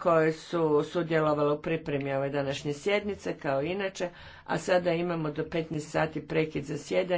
koje su sudjelovali u pripremi ove današnje sjednice kao i inače, a sada imamo do 15 sati prekid za sjedanje.